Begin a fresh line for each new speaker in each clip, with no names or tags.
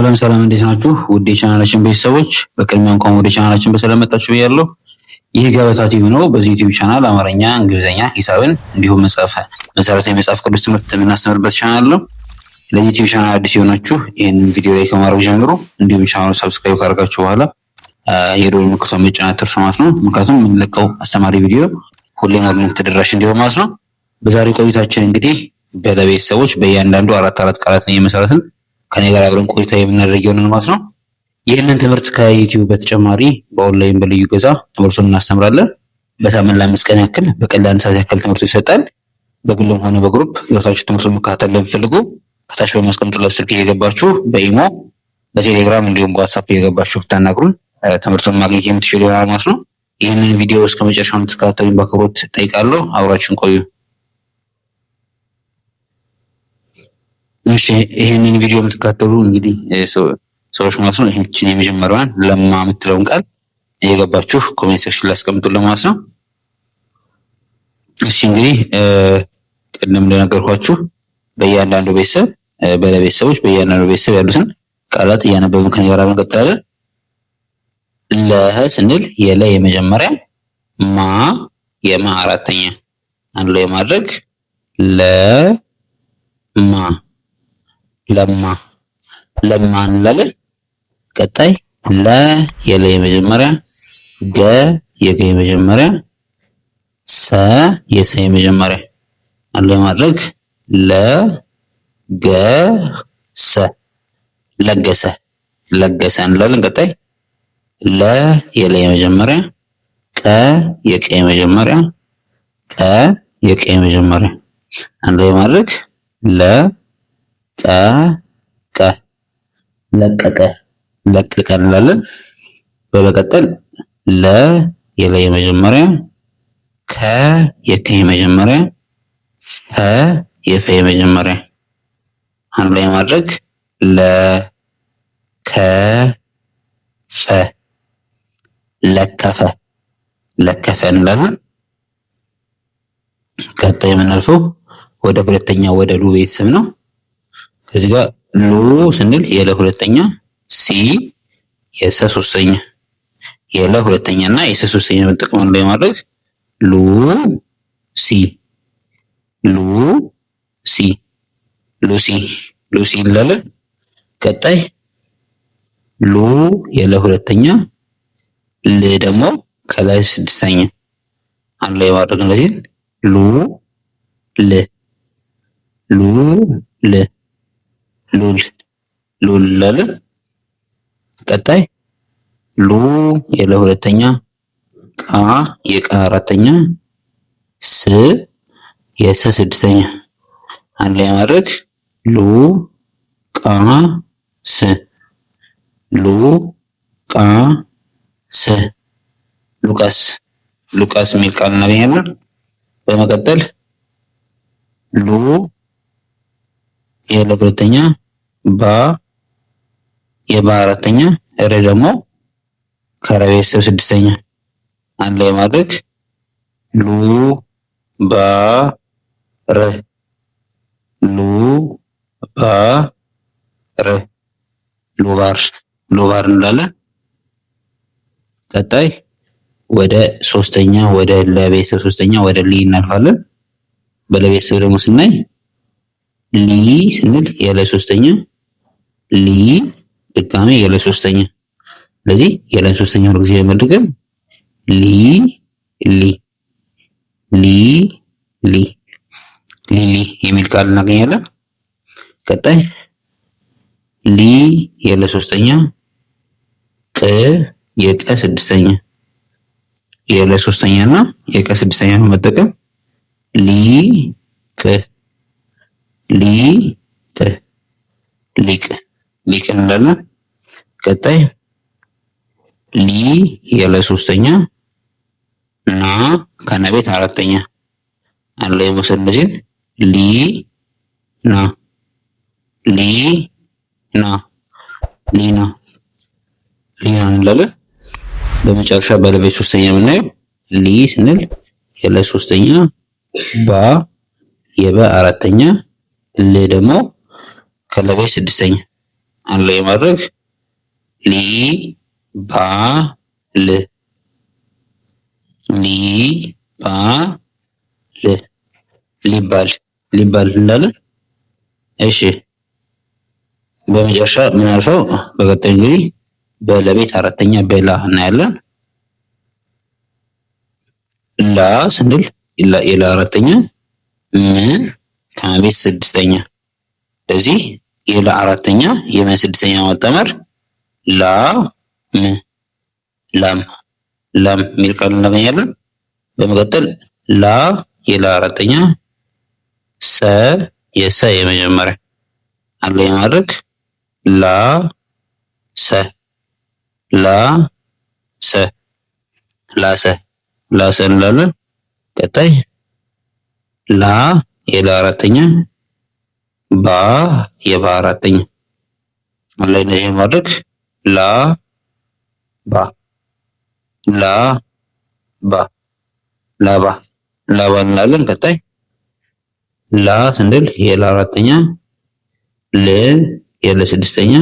ሰላም ሰላም እንዴት ናችሁ? ውድ የቻናላችን ቤተሰቦች በቅድሚያ እንኳን ወደ ቻናላችን በሰላም መጣችሁ ብያለሁ። ይህ ገበታ ቲቪ ነው። በዚህ ዩቲዩብ ቻናል አማርኛ፣ እንግሊዝኛ፣ ሂሳብን እንዲሁም መሰረታዊ መጽሐፍ ቅዱስ ትምህርት የምናስተምርበት ቻናል ነው። ለዚህ ዩቲዩብ ቻናል አዲስ የሆናችሁ ይህን ቪዲዮ ላይ ከማድረግ ጀምሮ እንዲሁም ቻናሉ ሰብስክራይብ ካደረጋችሁ በኋላ የደወል ምልክቱን መጫን አትርሱ ማለት ነው። ምክንያቱም የምንለቀው አስተማሪ ቪዲዮ ሁሌ ማግኘት ተደራሽ እንዲሆን ማለት ነው። በዛሬው ቆይታችን እንግዲህ በለቤተሰቦች በእያንዳንዱ አራት አራት ቃላትን እየመሰረትን ከኔ ጋር አብረን ቆይታ የምናደርግ ይሆናል ማለት ነው። ይህንን ትምህርት ከዩቲዩብ በተጨማሪ በኦንላይን በልዩ ገዛ ትምህርቱን እናስተምራለን። በሳምንት ለአምስት ቀን ያክል በቀን ለአንድ ሰዓት ያክል ትምህርቱ ይሰጣል። በግልም ሆነ በግሩፕ ገብታችሁ ትምህርቱን መከታተል ለምትፈልጉ ከታች በሚያስቀምጡለት ስልክ እየገባችሁ በኢሞ በቴሌግራም እንዲሁም በዋትሳፕ እየገባችሁ ብታናግሩን ትምህርቱን ማግኘት የምትችሉ ይሆናል ማለት ነው። ይህንን ቪዲዮ እስከ መጨረሻ በአክብሮት ጠይቃለሁ። አብራችን ቆዩ። እሺ ይህንን ቪዲዮ የምትከታተሉ እንግዲህ ሰዎች ማለት ነው ይህችን የመጀመሪያዋን ለማ የምትለውን ቃል እየገባችሁ ኮሜንት ሴክሽን ላይ አስቀምጡልን ማለት ነው። እሺ እንግዲህ ቅድም እንደነገርኳችሁ በእያንዳንዱ ቤተሰብ በለቤተሰቦች በእያንዳንዱ ቤተሰብ ያሉትን ቃላት እያነበብን ከእኔ ጋር እንቀጥላለን። ለህ ስንል የለ የመጀመሪያ ማ የማ አራተኛ አንድ ላይ ማድረግ ለማ ለማ ለማ እንላለን። ቀጣይ ለ የለ የመጀመሪያ ገ የገ የመጀመሪያ ሰ የሰ የመጀመሪያ አለ ማድረግ ለ ገ ሰ ለገሰ ለገሰ እንላለን። ቀጣይ ለ የለ የመጀመሪያ ቀ የቀ የመጀመሪያ ቀ የቀ የመጀመሪያ አንድ ላይ ማድረግ ለ ቀ ለቀቀ ለቀቀ እንላለን። በመቀጠል ለ የለ የመጀመሪያ ከ የከ የመጀመሪያ ፈ የፈ የመጀመሪያ አንድ ላይ ማድረግ ለ ከ ፈ ለከፈ ለከፈ እንላለን። ቀጣይ የምናልፈው ወደ ሁለተኛ ወደ ሉ ቤተሰብ ነው። እዚህ ጋር ሉ ስንል የለ ሁለተኛ ሲ የሰ ሶስተኛ የለ ሁለተኛ እና የሰ ሶስተኛ መጠቀም አንድ ላይ ማድረግ ሉ ሲ ሉ ሲ ሉሲ ሉሲ ይላል። ቀጣይ ሉ የለ ሁለተኛ ል ደግሞ ከላይ ስድስተኛ አንድ ላይ ማድረግ እንደዚህ ሉ ል ሉ ል ሉል ሉል እንላለን። ቀጣይ ሉ የለ ሁለተኛ፣ ቃ የቃ አራተኛ፣ ስ የሰ ስድስተኛ አንድ ላይ ማድረግ ሉ ቃ ስ ሉ ቃ ስ ሉቃስ ሉቃስ የሚል ቃል እናገኛለን። በመቀጠል ሉ የለ ሁለተኛ ባ የባ አራተኛ ረ ደግሞ ከረ ቤተሰብ ስድስተኛ አንድ ላይ ማድረግ ሉ ባ ረ ሉ ባ ረ ሉባር ሉባር እንላለን። ቀጣይ ወደ ሶስተኛ ወደ ለቤተሰብ ሶስተኛ ወደ ሊ እናልፋለን። በለቤተሰብ ደግሞ ስናይ ሊ ስንል የለ ሶስተኛ ሊ ድጋሜ የለ ሶስተኛ። ስለዚህ የለ ሶስተኛ ሁሉ ጊዜ ለመድገም ሊ ሊ ሊ ሊ ሊሊ የሚል ቃል እናገኛለን። ቀጣይ ሊ የለ ሶስተኛ ቅ የቀ ስድስተኛ የለ ሶስተኛ የቀ ስድስተኛ መጠቀም ሊ ቅ ሊጥ ሊቅ ሊቅ እንላለን። ቀጣይ ሊ ያለ ሶስተኛ ና ከነቤት አራተኛ አለ የመሰል እነዚህን ሊ ና ሊ ና ሊና ሊና እንላለን። በመጨረሻ ባለቤት ሶስተኛ የምናየው ሊ ስንል ያለ ሶስተኛ ባ የበ አራተኛ ል ደግሞ ከለቤት ስድስተኛ አለ የማድረግ ማድረግ ሊ ባ ል ሊ ባ ል ሊባል ሊባል እንዳለን። እሺ በመጨረሻ ምን በቀጣይ እንግዲህ በለቤት አራተኛ በላ እናያለን። ላ ስንል የላ አራተኛ ምን ከመቤት ስድስተኛ። ስለዚህ የለ አራተኛ የመ ስድስተኛ መጠመር ላም ላም ላም የሚል ቃል እናገኛለን። በመቀጠል ላ የለ አራተኛ ሰ የሰ የመጀመሪያ አንድ ላይ ላ ሰ ላ ሰ ላሰ ላሰ እንላለን። ቀጣይ ላ የለ አራተኛ ባ የባ አራተኛ አለ። እንደዚህ ማድረግ ላ ባ ላ ባ ላባ ላባ እንላለን። ቀጣይ ላ ስንል የለ አራተኛ ለ የለ ስድስተኛ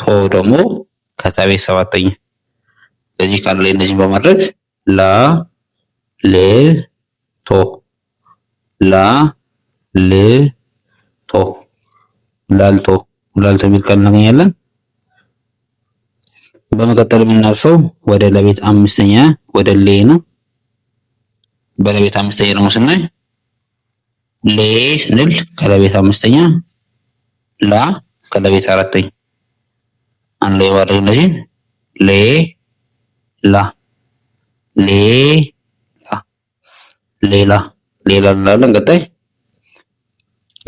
ቶ ደግሞ ከታቤ ሰባተኛ። በዚህ ቃል ላይ በማድረግ ላ ለ ቶ ላ ል ቶ ላልቶ ላልቶ የሚል ቃል እናገኛለን። በመቀጠል የምናልፈው ወደ ለቤት አምስተኛ ወደ ሌ ነው። በለቤት አምስተኛ ደግሞ ስናይ ሌ ስንል ከለቤት አምስተኛ ላ ከለቤት አራተኛ አንድ ላይ ማድረግ እነዚህን ሌ ላ ሌ ላ ሌላ lelan lalang gatai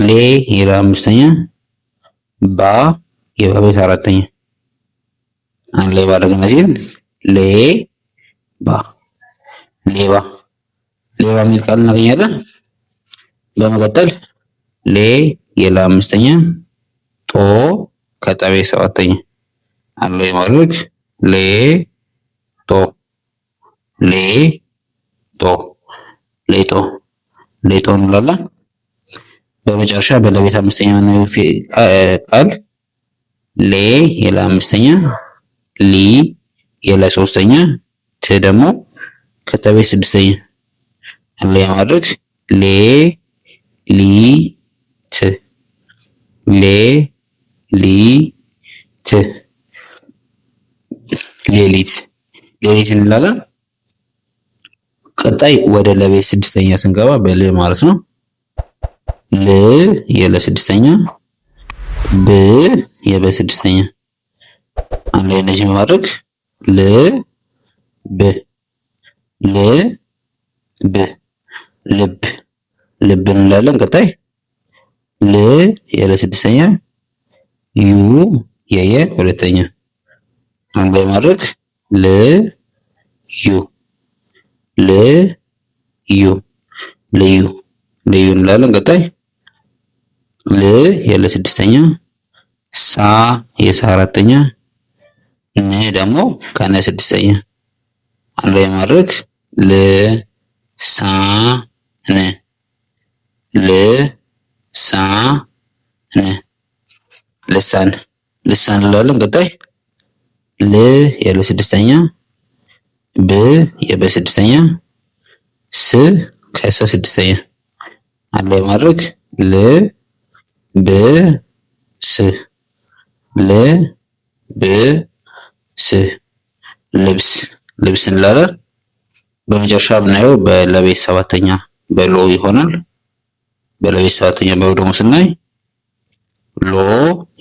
le ira misalnya ba ya babi saratanya an ah, le barang nasir le ba le ba le ba mikal nakinya lah bang gatal le ira misalnya to kata be saratanya an ah, le maruk to le to le to, le, to. ሌጦ እንላለን። በመጨረሻ በለቤት አምስተኛ መናዊ ቃል ሌ የለ አምስተኛ ሊ የለ ሶስተኛ ት ደግሞ ከተቤት ስድስተኛ አለ ማድረግ ሌ ሊ ት ሌ ሊ ት ሌሊት ሌሊት እንላለን። ቀጣይ ወደ ለቤት ስድስተኛ ስንገባ በል ማለት ነው። ል የለ ስድስተኛ፣ ብ የበ ስድስተኛ አንድ ላይ እነዚህ በማድረግ ል ብ ል ብ ልብ ልብ እንላለን። ቀጣይ ል የለ ስድስተኛ፣ ዩ የየ ሁለተኛ አንድ ላይ ማድረግ ል ዩ le yu le yu le yu nlalo ngatai le yale sedisanya sa ye ya saratanya ne ya damo kana ya sedisanya anle marek le sa ne le sa ne lesan lesan lalo ngatai le yale sedisanya ብ የበ ስድስተኛ ስ ከሰ ስድስተኛ አንድ ላይ ማድረግ ል ብ ስ ል ብ ስ ልብስ ልብስ እንላለን። በመጨረሻ የምናየው በለቤት ሰባተኛ በሎ ይሆናል። በለቤት ሰባተኛ በወደሙ ስናይ ሎ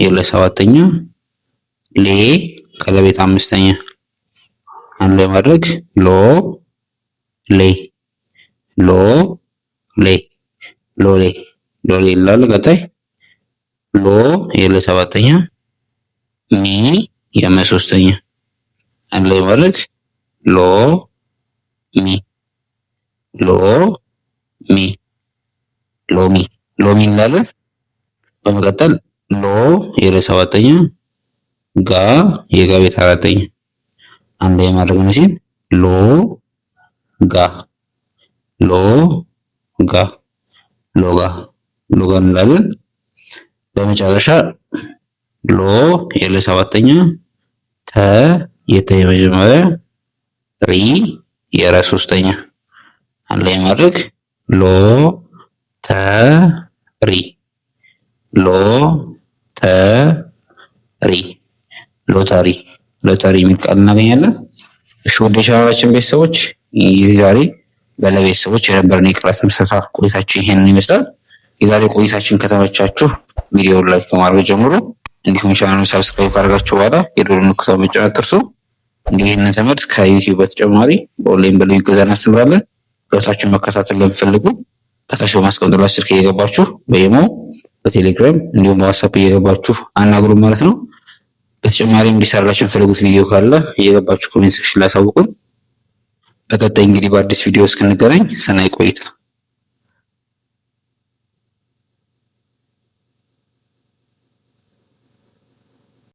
የለ ሰባተኛ ሌ ከለቤት አምስተኛ አንድ ላይ ማድረግ ሎ ሌ ሎ ሌ ሎ ሌ ሎ ሌ ይላል። ቀጣይ ሎ የለ ሰባተኛ ሚ የመ ሶስተኛ አንድ ላይ ማድረግ ሎ ሚ ሎ ሚ ሎሚ ሎሚ እንላለን። በመቀጠል ሎ የለ ሰባተኛ ጋ የጋ ቤት አራተኛ አንድ ላይ ማድረግ ነው ሲል ሎ ጋ ሎ ጋ ሎ ጋ ሎ ጋ እንላለን። በመጨረሻ ሎ የለ ሰባተኛ ተ የተ የመጀመሪያ ሪ የረ ሶስተኛ አንድ ላይ ማድረግ ሎ ተ ሪ ሎ ተ ሪ ሎተሪ ሎተሪ የሚል ቃል እናገኛለን። እሺ ወደ ቻናላችን ቤተሰቦች ዛሬ ባለቤተሰቦች የነበረን የቃላት ምስረታ ቆይታችን ይሄንን ይመስላል። የዛሬ ቆይታችን ከተመቻችሁ ቪዲዮውን ላይክ ከማድረግ ጀምሮ እንዲሁም ቻናሉን ሰብስክራይብ ካደረጋችሁ በኋላ የደወል ምልክቱን መጫን አትርሱ። እንግዲህ ይህንን ትምህርት ከዩቲዩብ በተጨማሪ በኦንላይን በልዩ ገዛ እናስተምራለን። ገብታችሁን መከታተል ለምትፈልጉ ከታች በማስቀመጥላችሁ ስልክ እየገባችሁ በኢሞ በቴሌግራም እንዲሁም በዋትስአፕ እየገባችሁ አናግሩ ማለት ነው። በተጨማሪ እንዲሰራላችሁ የፈለጉት ቪዲዮ ካለ እየገባችሁ ኮሜንት ሴክሽን ላይ አሳውቁን። በቀጣይ እንግዲህ በአዲስ ቪዲዮ እስክንገናኝ ሰናይ ቆይታ